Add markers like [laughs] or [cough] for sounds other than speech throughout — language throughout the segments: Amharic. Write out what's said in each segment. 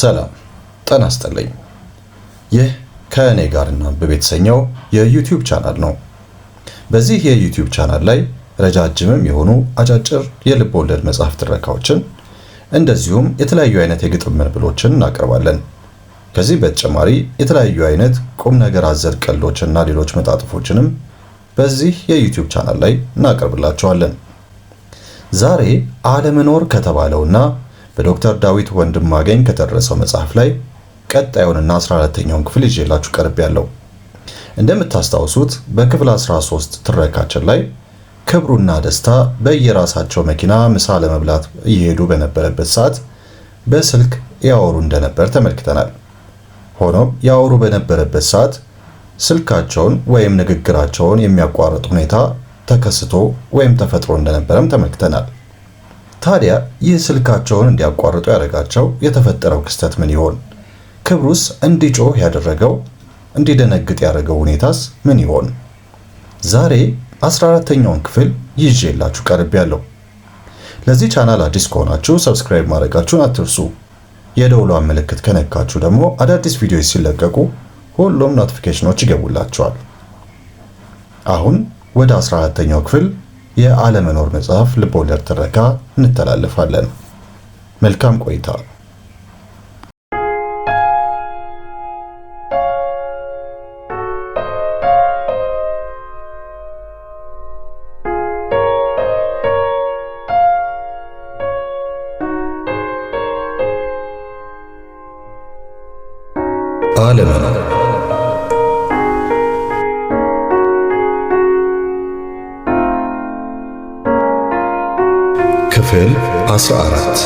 ሰላም ጤና ይስጥልኝ። ይህ ከእኔ ጋር እናንብብ የተሰኘው የዩቲዩብ ቻናል ነው። በዚህ የዩቲዩብ ቻናል ላይ ረጃጅምም የሆኑ አጫጭር የልብ ወለድ መጽሐፍ ትረካዎችን እንደዚሁም የተለያዩ አይነት የግጥም ምንብሎችን እናቀርባለን። ከዚህ በተጨማሪ የተለያዩ አይነት ቁም ነገር አዘል ቀልዶችና ሌሎች መጣጥፎችንም በዚህ የዩቲዩብ ቻናል ላይ እናቀርብላችኋለን። ዛሬ አለመኖር ከተባለውና በዶክተር ዳዊት ወንድማገኝ ከተደረሰው መጽሐፍ ላይ ቀጣዩንና 14ኛውን ክፍል ይዤላችሁ ቀርብ ያለው። እንደምታስታውሱት በክፍል 13 ትረካችን ላይ ክብሩና ደስታ በየራሳቸው መኪና ምሳ ለመብላት እየሄዱ በነበረበት ሰዓት በስልክ ያወሩ እንደነበር ተመልክተናል። ሆኖም ያወሩ በነበረበት ሰዓት ስልካቸውን ወይም ንግግራቸውን የሚያቋርጥ ሁኔታ ተከስቶ ወይም ተፈጥሮ እንደነበረም ተመልክተናል። ታዲያ ይህ ስልካቸውን እንዲያቋርጡ ያደረጋቸው የተፈጠረው ክስተት ምን ይሆን? ክብሩስ እንዲጮህ ያደረገው እንዲደነግጥ ያደረገው ሁኔታስ ምን ይሆን? ዛሬ 14ተኛውን ክፍል ይዤላችሁ ቀርቤያለሁ። ለዚህ ቻናል አዲስ ከሆናችሁ ሰብስክራይብ ማድረጋችሁን አትርሱ። የደውሏን ምልክት ከነካችሁ ደግሞ አዳዲስ ቪዲዮዎች ሲለቀቁ ሁሉም ኖቲፊኬሽኖች ይገቡላችኋል። አሁን ወደ 14ተኛው ክፍል የአለመኖር መጽሐፍ ልቦለድ ትረካ እንተላለፋለን። መልካም ቆይታ ክፍል 14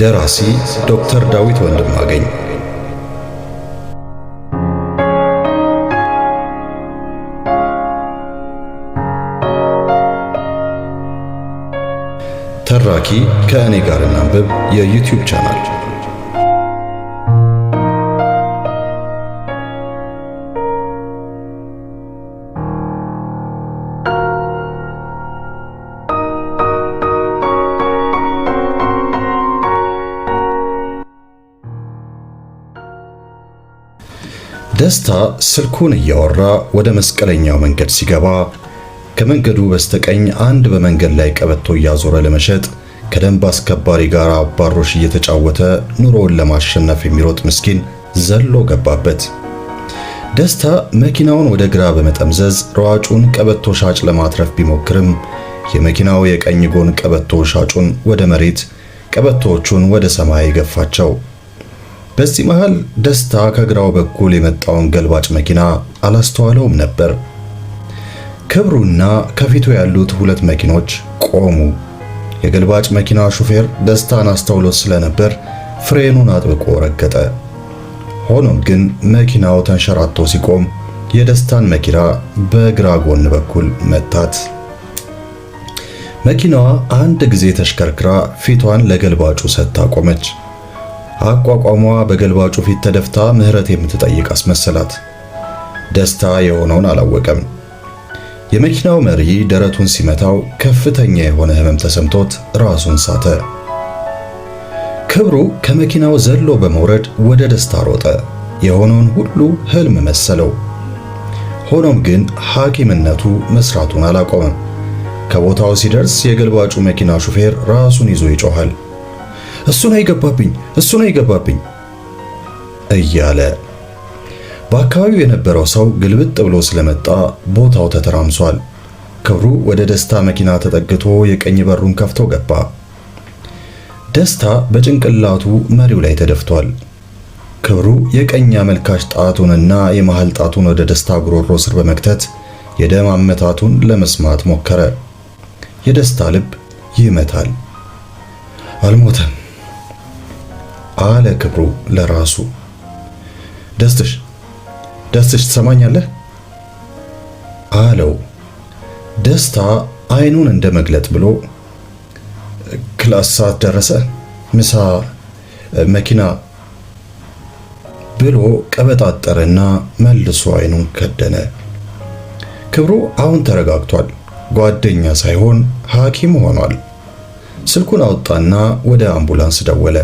ደራሲ ዶክተር ዳዊት ወንድማገኝ ተራኪ ከእኔ ጋር እናንብብ የዩቲዩብ ቻናል ደስታ ስልኩን እያወራ ወደ መስቀለኛው መንገድ ሲገባ ከመንገዱ በስተቀኝ አንድ በመንገድ ላይ ቀበቶ እያዞረ ለመሸጥ ከደንብ አስከባሪ ጋር አባሮሽ እየተጫወተ ኑሮውን ለማሸነፍ የሚሮጥ ምስኪን ዘሎ ገባበት። ደስታ መኪናውን ወደ ግራ በመጠምዘዝ ሯጩን ቀበቶ ሻጭ ለማትረፍ ቢሞክርም የመኪናው የቀኝ ጎን ቀበቶ ሻጩን ወደ መሬት፣ ቀበቶዎቹን ወደ ሰማይ ገፋቸው። በዚህ መሃል ደስታ ከግራው በኩል የመጣውን ገልባጭ መኪና አላስተዋለውም ነበር። ክብሩና ከፊቱ ያሉት ሁለት መኪኖች ቆሙ። የገልባጭ መኪና ሹፌር ደስታን አስተውሎት ስለነበር ፍሬኑን አጥብቆ ረገጠ። ሆኖም ግን መኪናው ተንሸራቶ ሲቆም የደስታን መኪና በግራ ጎን በኩል መታት። መኪናዋ አንድ ጊዜ ተሽከርክራ ፊቷን ለገልባጩ ሰጥታ ቆመች። አቋቋሟ በገልባጩ ፊት ተደፍታ ምህረት የምትጠይቅ አስመሰላት። ደስታ የሆነውን አላወቀም። የመኪናው መሪ ደረቱን ሲመታው ከፍተኛ የሆነ ህመም ተሰምቶት ራሱን ሳተ። ክብሩ ከመኪናው ዘሎ በመውረድ ወደ ደስታ ሮጠ። የሆነውን ሁሉ ህልም መሰለው። ሆኖም ግን ሐኪምነቱ መስራቱን አላቆመም። ከቦታው ሲደርስ የገልባጩ መኪና ሹፌር ራሱን ይዞ ይጮኻል። እሱ ነው የገባብኝ፣ እሱ ነው የገባብኝ እያለ በአካባቢው የነበረው ሰው ግልብጥ ብሎ ስለመጣ ቦታው ተተራምሷል። ክብሩ ወደ ደስታ መኪና ተጠግቶ የቀኝ በሩን ከፍቶ ገባ። ደስታ በጭንቅላቱ መሪው ላይ ተደፍቷል። ክብሩ የቀኝ አመልካች ጣቱንና የመሃል ጣቱን ወደ ደስታ ጉሮሮ ስር በመክተት የደም አመታቱን ለመስማት ሞከረ። የደስታ ልብ ይመታል። አልሞተም አለ ክብሩ ለራሱ። ደስተሽ ደስተሽ ትሰማኛለህ አለው። ደስታ አይኑን እንደ መግለጥ ብሎ ክላስ ሰዓት ደረሰ፣ ምሳ፣ መኪና ብሎ ቀበጣጠረና መልሶ አይኑን ከደነ። ክብሩ አሁን ተረጋግቷል። ጓደኛ ሳይሆን ሐኪም ሆኗል። ስልኩን አወጣና ወደ አምቡላንስ ደወለ።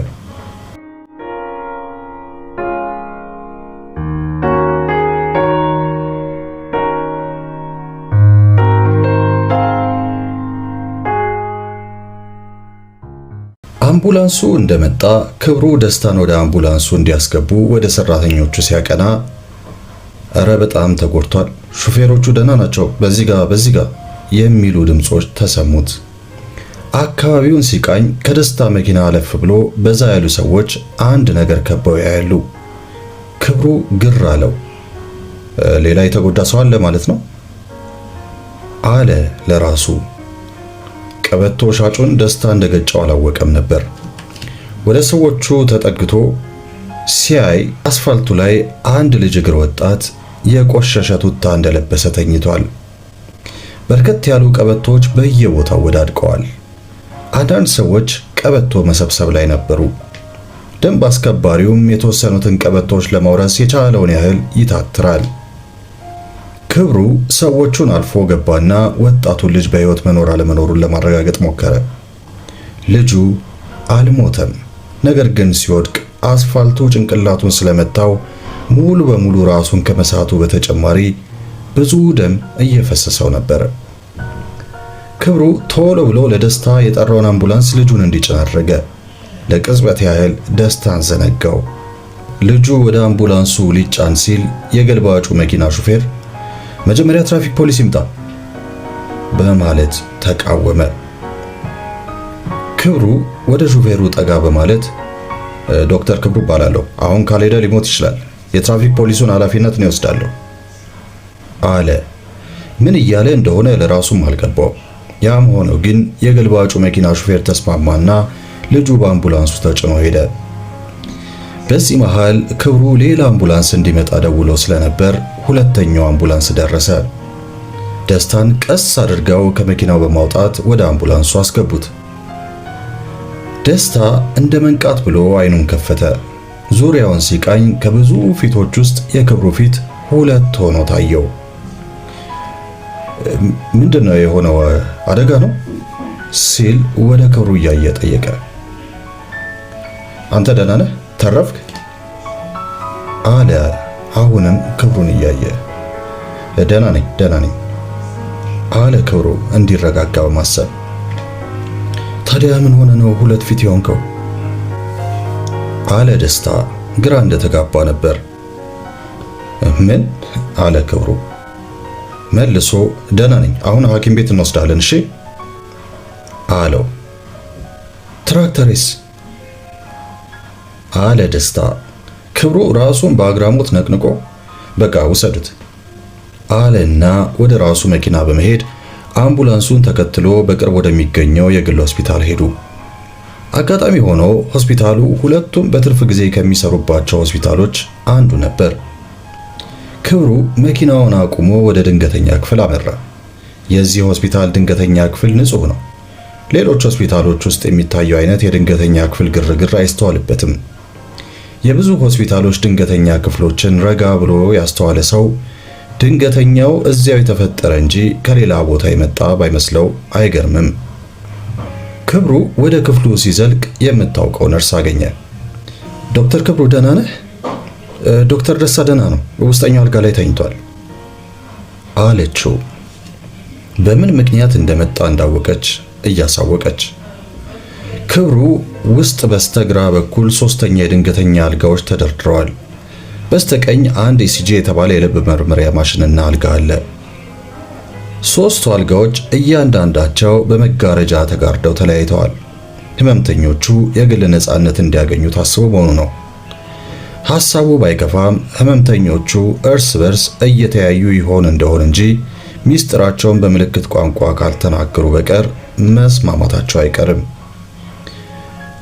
አምቡላንሱ እንደመጣ ክብሩ ደስታን ወደ አምቡላንሱ እንዲያስገቡ ወደ ሰራተኞቹ ሲያቀና እረ በጣም ተጎድቷል፣ ሹፌሮቹ ደህና ናቸው፣ በዚህ ጋ በዚህ ጋ የሚሉ ድምፆች ተሰሙት። አካባቢውን ሲቃኝ ከደስታ መኪና አለፍ ብሎ በዛ ያሉ ሰዎች አንድ ነገር ከበው ያያሉ። ክብሩ ግር አለው። ሌላ የተጎዳ ሰው አለ ማለት ነው አለ ለራሱ። ቀበቶ ሻጩን ደስታ እንደገጫው አላወቀም ነበር። ወደ ሰዎቹ ተጠግቶ ሲያይ አስፋልቱ ላይ አንድ ልጅ እግር ወጣት የቆሸሸ ቱታ እንደለበሰ ተኝቷል። በርከት ያሉ ቀበቶዎች በየቦታው ወዳድቀዋል። አንዳንድ ሰዎች ቀበቶ መሰብሰብ ላይ ነበሩ። ደንብ አስከባሪውም የተወሰኑትን ቀበቶዎች ለማውረስ የቻለውን ያህል ይታትራል። ክብሩ ሰዎቹን አልፎ ገባና ወጣቱን ልጅ በሕይወት መኖር አለመኖሩን ለማረጋገጥ ሞከረ። ልጁ አልሞተም። ነገር ግን ሲወድቅ አስፋልቱ ጭንቅላቱን ስለመታው ሙሉ በሙሉ ራሱን ከመሳቱ በተጨማሪ ብዙ ደም እየፈሰሰው ነበር። ክብሩ ቶሎ ብሎ ለደስታ የጠራውን አምቡላንስ ልጁን እንዲጭን አደረገ። ለቅጽበት ያህል ደስታን ዘነጋው። ልጁ ወደ አምቡላንሱ ሊጫን ሲል የገልባጩ መኪና ሹፌር መጀመሪያ ትራፊክ ፖሊስ ይምጣ በማለት ተቃወመ። ክብሩ ወደ ሹፌሩ ጠጋ በማለት ዶክተር ክብሩ እባላለሁ፣ አሁን ካልሄደ ሊሞት ይችላል። የትራፊክ ፖሊሱን ኃላፊነት ነው ይወስዳለሁ አለ። ምን እያለ እንደሆነ ለራሱም አልገባው። ያም ሆነው ግን የገልባጩ መኪና ሹፌር ተስማማና ልጁ በአምቡላንሱ ተጭኖ ሄደ። በዚህ መሃል ክብሩ ሌላ አምቡላንስ እንዲመጣ ደውሎ ስለነበር ሁለተኛው አምቡላንስ ደረሰ። ደስታን ቀስ አድርገው ከመኪናው በማውጣት ወደ አምቡላንሱ አስገቡት። ደስታ እንደ መንቃት ብሎ አይኑን ከፈተ። ዙሪያውን ሲቃኝ ከብዙ ፊቶች ውስጥ የክብሩ ፊት ሁለት ሆኖ ታየው። ምንድነው የሆነው? አደጋ ነው ሲል ወደ ክብሩ እያየ ጠየቀ። አንተ ደህና ነህ? ተረፍክ አለ። አሁንም ክብሩን እያየ ደህና ነኝ ደህና ነኝ አለ ክብሩ እንዲረጋጋ በማሰብ ታዲያ ምን ሆነ ነው ሁለት ፊት የሆንከው አለ ደስታ ግራ እንደተጋባ ነበር ምን አለ ክብሩ መልሶ ደህና ነኝ አሁን ሀኪም ቤት እንወስዳለን እሺ አለው ትራክተሬስ አለ ደስታ። ክብሩ ራሱን በአግራሞት ነቅንቆ በቃ ውሰዱት አለና ወደ ራሱ መኪና በመሄድ አምቡላንሱን ተከትሎ በቅርብ ወደሚገኘው የግል ሆስፒታል ሄዱ። አጋጣሚ ሆኖ ሆስፒታሉ ሁለቱም በትርፍ ጊዜ ከሚሰሩባቸው ሆስፒታሎች አንዱ ነበር። ክብሩ መኪናውን አቁሞ ወደ ድንገተኛ ክፍል አመራ። የዚህ ሆስፒታል ድንገተኛ ክፍል ንጹህ ነው። ሌሎች ሆስፒታሎች ውስጥ የሚታየው አይነት የድንገተኛ ክፍል ግርግር አይስተዋልበትም። የብዙ ሆስፒታሎች ድንገተኛ ክፍሎችን ረጋ ብሎ ያስተዋለ ሰው ድንገተኛው እዚያው የተፈጠረ እንጂ ከሌላ ቦታ የመጣ ባይመስለው አይገርምም። ክብሩ ወደ ክፍሉ ሲዘልቅ የምታውቀው ነርስ አገኘ። ዶክተር ክብሩ ደህና ነህ? ዶክተር ደሳ ደህና ነው፣ ውስጠኛው አልጋ ላይ ተኝቷል አለችው። በምን ምክንያት እንደመጣ እንዳወቀች እያሳወቀች ክብሩ ውስጥ በስተግራ በኩል ሶስተኛ የድንገተኛ አልጋዎች ተደርድረዋል። በስተቀኝ አንድ ኢሲጂ የተባለ የልብ መርመሪያ ማሽንና አልጋ አለ። ሦስቱ አልጋዎች እያንዳንዳቸው በመጋረጃ ተጋርደው ተለያይተዋል። ህመምተኞቹ የግል ነፃነት እንዲያገኙ ታስቦ መሆኑ ነው። ሐሳቡ ባይከፋም ህመምተኞቹ እርስ በርስ እየተያዩ ይሆን እንደሆን እንጂ ሚስጥራቸውን በምልክት ቋንቋ ካልተናገሩ በቀር መስማማታቸው አይቀርም።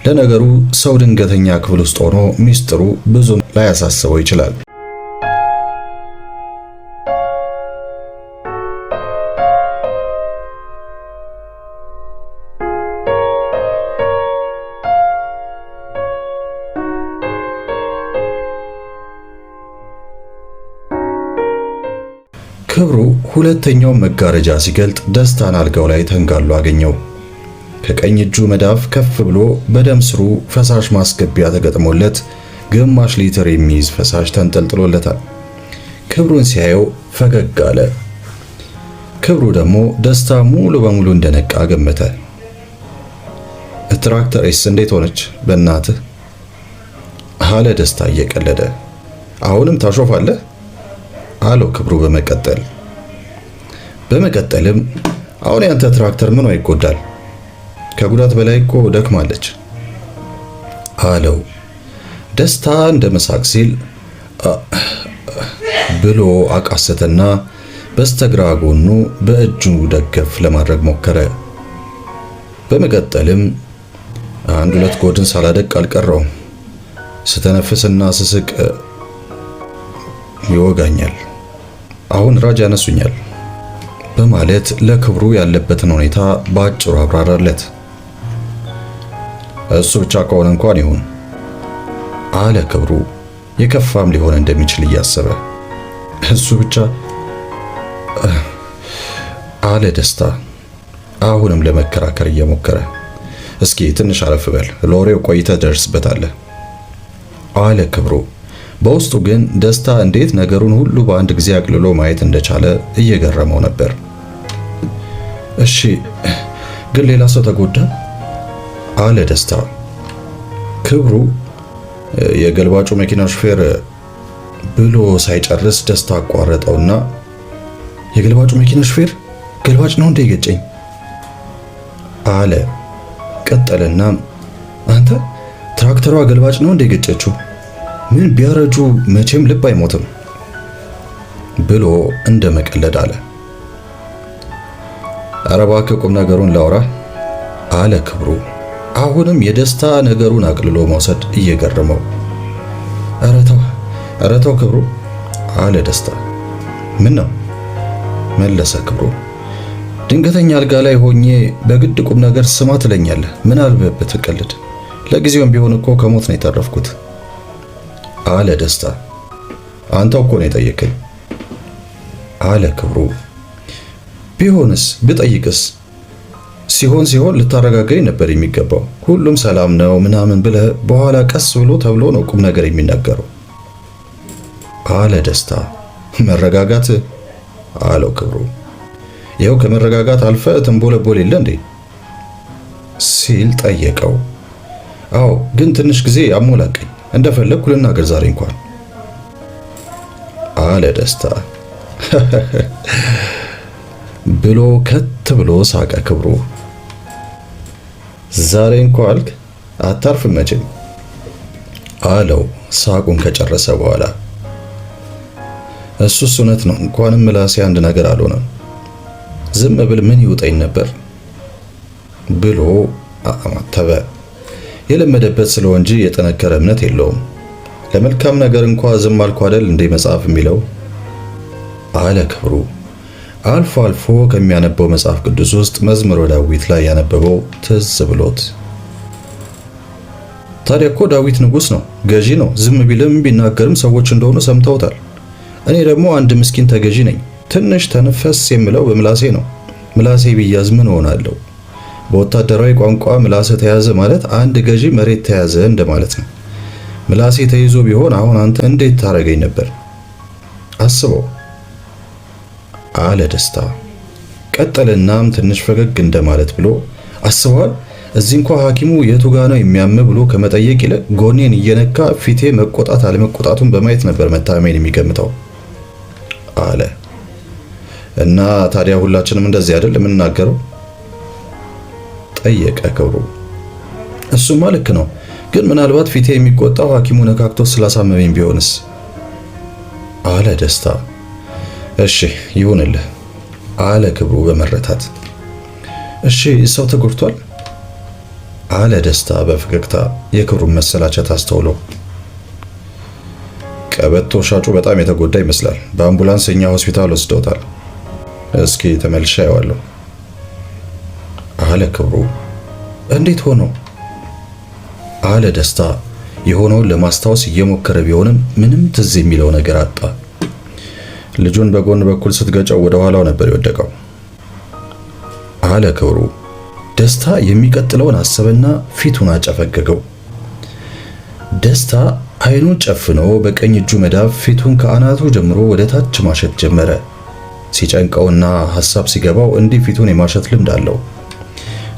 ለነገሩ ሰው ድንገተኛ ክፍል ውስጥ ሆኖ ሚስጥሩ ብዙም ላያሳስበው ይችላል። ክብሩ ሁለተኛውን መጋረጃ ሲገልጥ ደስታን አልጋው ላይ ተንጋሎ አገኘው። ከቀኝ እጁ መዳፍ ከፍ ብሎ በደም ስሩ ፈሳሽ ማስገቢያ ተገጥሞለት ግማሽ ሊትር የሚይዝ ፈሳሽ ተንጠልጥሎለታል። ክብሩን ሲያየው ፈገግ አለ። ክብሩ ደግሞ ደስታ ሙሉ በሙሉ እንደነቃ ገመተ። ትራክተሬስ እንዴት ሆነች በእናትህ አለ ደስታ እየቀለደ። አሁንም ታሾፋለህ አለው ክብሩ በመቀጠል በመቀጠልም አሁን ያንተ ትራክተር ምኗ ይጎዳል? ከጉዳት በላይ እኮ ደክማለች አለው። ደስታ እንደ መሳቅ ሲል ብሎ አቃሰተና በስተግራ ጎኑ በእጁ ደገፍ ለማድረግ ሞከረ። በመቀጠልም አንድ ሁለት ጎድን ሳላደቅ አልቀረውም። ስተነፍስና ስስቅ ይወጋኛል። አሁን ራጅ ያነሱኛል በማለት ለክብሩ ያለበትን ሁኔታ በአጭሩ አብራራለት። እሱ ብቻ ከሆነ እንኳን ይሁን አለ ክብሩ የከፋም ሊሆን እንደሚችል እያሰበ እሱ ብቻ አለ ደስታ አሁንም ለመከራከር እየሞከረ እስኪ ትንሽ አረፍ በል ለወሬው ቆይተ ደርስበታለህ አለ ክብሩ በውስጡ ግን ደስታ እንዴት ነገሩን ሁሉ በአንድ ጊዜ አቅልሎ ማየት እንደቻለ እየገረመው ነበር እሺ ግን ሌላ ሰው ተጎዳ አለ ደስታ። ክብሩ የገልባጩ መኪና ሹፌር ብሎ ሳይጨርስ ደስታ አቋረጠውና የገልባጩ መኪና ሹፌር ገልባጭ ነው እንደ ይገጨኝ አለ። ቀጠለና አንተ ትራክተሯ ገልባጭ ነው እንደ የገጨችው ምን ቢያረጁ መቼም ልብ አይሞትም ብሎ እንደ መቀለድ አለ። አረባ ከቁም ነገሩን ላውራ አለ ክብሩ። አሁንም የደስታ ነገሩን አቅልሎ መውሰድ እየገረመው፣ ኧረ ተው ክብሩ አለ ደስታ። ምን ነው መለሰ ክብሩ። ድንገተኛ አልጋ ላይ ሆኜ በግድ ቁም ነገር ስማ ትለኛለህ። ምን አልበበት ቀልድ። ለጊዜውም ቢሆን እኮ ከሞት ነው የተረፍኩት አለ ደስታ። አንተው እኮ ነው የጠየቀኝ አለ ክብሩ። ቢሆንስ ብጠይቅስ ሲሆን ሲሆን ልታረጋጋኝ ነበር የሚገባው። ሁሉም ሰላም ነው ምናምን ብለህ በኋላ ቀስ ብሎ ተብሎ ነው ቁም ነገር የሚናገረው አለ ደስታ። መረጋጋት አለው ክብሩ። ይኸው ከመረጋጋት አልፈ ተንቦለቦል የለ እንዴ ሲል ጠየቀው። አዎ ግን ትንሽ ጊዜ አሞላቀኝ እንደፈለግኩ ልናገር ዛሬ እንኳን አለ ደስታ [laughs] ብሎ ከት ብሎ ሳቀ ክብሩ። ዛሬ እንኳ አልክ አታርፍ መቼም አለው ሳቁን ከጨረሰ በኋላ። እሱስ እውነት ነው። እንኳንም ምላሴ አንድ ነገር አልሆነም። ዝም ብል ምን ይውጠኝ ነበር ብሎ አማተበ። የለመደበት ስለ እንጂ የጠነከረ እምነት የለውም። ለመልካም ነገር እንኳ ዝም አልኩ አደል እንዴ መጽሐፍ የሚለው አለ ክብሩ። አልፎ አልፎ ከሚያነበው መጽሐፍ ቅዱስ ውስጥ መዝሙረ ዳዊት ላይ ያነበበው ትዝ ብሎት። ታዲያ እኮ ዳዊት ንጉሥ ነው፣ ገዢ ነው። ዝም ቢልም ቢናገርም ሰዎች እንደሆኑ ሰምተውታል። እኔ ደግሞ አንድ ምስኪን ተገዢ ነኝ። ትንሽ ተነፈስ የምለው በምላሴ ነው። ምላሴ ቢያዝ ምን እሆናለሁ? በወታደራዊ ቋንቋ ምላሰ ተያዘ ማለት አንድ ገዢ መሬት ተያዘ እንደማለት ነው። ምላሴ ተይዞ ቢሆን አሁን አንተ እንዴት ታደርገኝ ነበር? አስበው አለ ደስታ። ቀጠለናም ትንሽ ፈገግ እንደማለት ብሎ አስበዋል። እዚህ እንኳ ሐኪሙ የቱ ጋ ነው የሚያም ብሎ ከመጠየቅ ይልቅ ጎኔን እየነካ ፊቴ መቆጣት አለመቆጣቱን በማየት ነበር መታመሜን የሚገምተው አለ። እና ታዲያ ሁላችንም እንደዚህ አይደል የምንናገረው? ጠየቀ ክብሩ። እሱማ ልክ ነው፣ ግን ምናልባት ፊቴ የሚቆጣው ሐኪሙ ነካክቶ ስላሳመመኝ ቢሆንስ? አለ ደስታ። እሺ ይሁንልህ አለ ክብሩ በመረታት። እሺ ሰው ተጎድቷል አለ ደስታ በፈገግታ የክብሩን መሰላቸት አስተውሎ። ቀበቶ ሻጩ በጣም የተጎዳ ይመስላል። በአምቡላንስ እኛ ሆስፒታል ወስደውታል። እስኪ ተመልሼ አየዋለሁ አለ ክብሩ። እንዴት ሆኖ አለ ደስታ የሆነውን ለማስታወስ እየሞከረ ቢሆንም ምንም ትዝ የሚለው ነገር አጣ። ልጁን በጎን በኩል ስትገጨው ወደ ኋላው ነበር የወደቀው አለ ክብሩ። ደስታ የሚቀጥለውን አሰበና ፊቱን አጨፈገገው። ደስታ አይኑን ጨፍኖ በቀኝ እጁ መዳፍ ፊቱን ከአናቱ ጀምሮ ወደ ታች ማሸት ጀመረ። ሲጨንቀውና ሐሳብ ሲገባው እንዲህ ፊቱን የማሸት ልምድ አለው።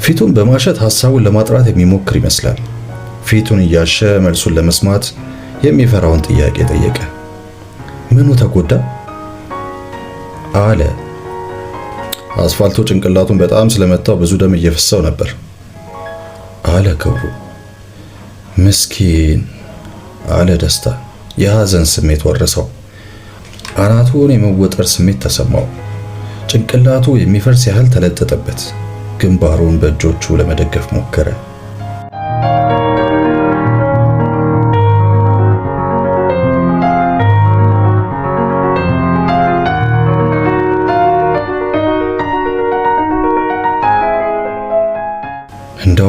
ፊቱን በማሸት ሐሳቡን ለማጥራት የሚሞክር ይመስላል። ፊቱን እያሸ መልሱን ለመስማት የሚፈራውን ጥያቄ ጠየቀ። ምኑ ተጎዳ? አለ። አስፋልቱ ጭንቅላቱን በጣም ስለመታው ብዙ ደም እየፈሰው ነበር አለ ክብሩ። ምስኪን አለ ደስታ። የሐዘን ስሜት ወረሰው። አናቱን የመወጠር ስሜት ተሰማው። ጭንቅላቱ የሚፈርስ ያህል ተለጠጠበት። ግንባሩን በእጆቹ ለመደገፍ ሞከረ።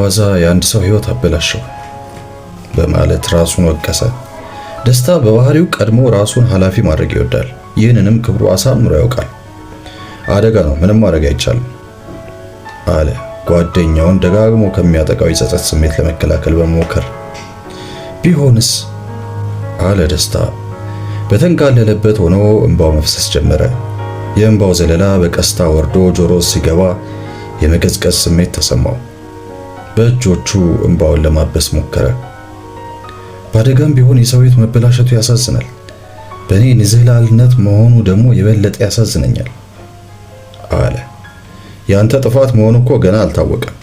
ዋዛ የአንድ ሰው ህይወት አበላሸው በማለት ራሱን ወቀሰ። ደስታ በባህሪው ቀድሞ ራሱን ኃላፊ ማድረግ ይወዳል። ይህንንም ክብሩ አሳምሮ ያውቃል። አደጋ ነው፣ ምንም ማድረግ አይቻልም አለ ጓደኛውን ደጋግሞ ከሚያጠቃው የጸጸት ስሜት ለመከላከል በመሞከር ቢሆንስ አለ ደስታ በተንጋለለበት ሆኖ እንባው መፍሰስ ጀመረ። የእንባው ዘለላ በቀስታ ወርዶ ጆሮ ሲገባ የመቀዝቀዝ ስሜት ተሰማው። በእጆቹ እንባውን ለማበስ ሞከረ። በአደጋም ቢሆን የሰው ቤት መበላሸቱ ያሳዝናል። በእኔ ንዝህላልነት መሆኑ ደግሞ የበለጠ ያሳዝነኛል አለ። ያንተ ጥፋት መሆኑ እኮ ገና አልታወቀም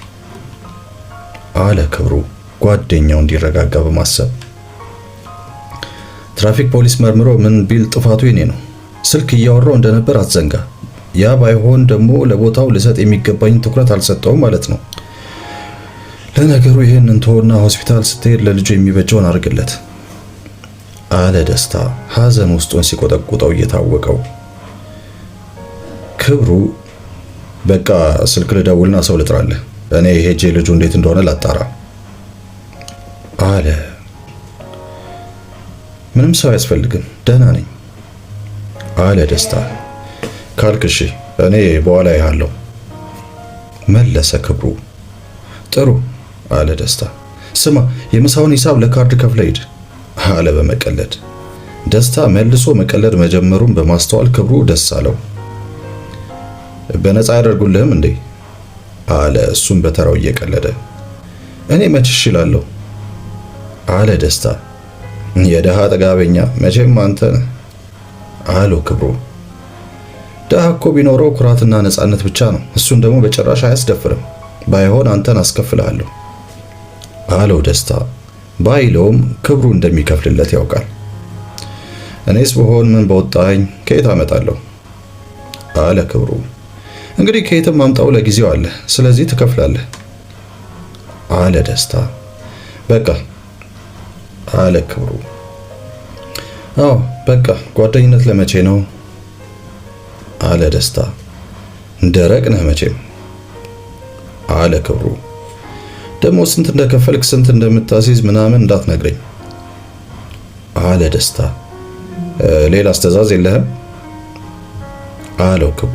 አለ ክብሩ ጓደኛው እንዲረጋጋ በማሰብ ትራፊክ ፖሊስ መርምሮ ምን ቢል ጥፋቱ የኔ ነው። ስልክ እያወራው እንደነበር አትዘንጋ። ያ ባይሆን ደግሞ ለቦታው ልሰጥ የሚገባኝን ትኩረት አልሰጠውም ማለት ነው። ለነገሩ ይህን እንተወና ሆስፒታል ስትሄድ ለልጁ የሚበጀውን አድርግለት አለ ደስታ ሐዘን ውስጡን ሲቆጠቁጠው እየታወቀው ክብሩ በቃ ስልክ ልደውልና ሰው ልጥራለህ እኔ ሄጄ ልጁ እንዴት እንደሆነ ላጣራ አለ ምንም ሰው አያስፈልግም ደህና ነኝ አለ ደስታ ካልክ እሺ እኔ በኋላ ያለው መለሰ ክብሩ ጥሩ አለ ደስታ። ስማ የምሳውን ሂሳብ ለካርድ ከፍለ ሂድ አለ በመቀለድ። ደስታ መልሶ መቀለድ መጀመሩን በማስተዋል ክብሩ ደስ አለው። በነፃ ያደርጉልህም እንዴ አለ እሱም በተራው እየቀለደ። እኔ መች እችላለሁ አለ ደስታ። የደሃ ጥጋበኛ መቼም አንተ ነህ አለው ክብሩ። ደሃ እኮ ቢኖረው ኩራትና ነፃነት ብቻ ነው። እሱን ደግሞ በጭራሽ አያስደፍርም። ባይሆን አንተን አስከፍልሃለሁ አለው ደስታ ባይለውም ክብሩ እንደሚከፍልለት ያውቃል። እኔስ ብሆን ምን በወጣኝ ከየት አመጣለሁ? አለ ክብሩ። እንግዲህ ከየትም ማምጣው ለጊዜው አለ፣ ስለዚህ ትከፍላለህ አለ ደስታ። በቃ አለ ክብሩ። አዎ በቃ ጓደኝነት ለመቼ ነው? አለ ደስታ። ደረቅ ነህ መቼም አለ ክብሩ። ደግሞ ስንት እንደከፈልክ ስንት እንደምታስይዝ ምናምን እንዳትነግረኝ አለ ደስታ። ሌላ አስተዛዝ የለህም አለው ክቡ።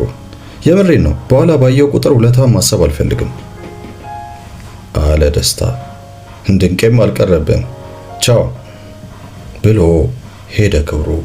የምሬን ነው፣ በኋላ ባየው ቁጥር ውለታ ማሰብ አልፈልግም አለ ደስታ። እንድንቄም አልቀረብም ቻው ብሎ ሄደ ክብሩ።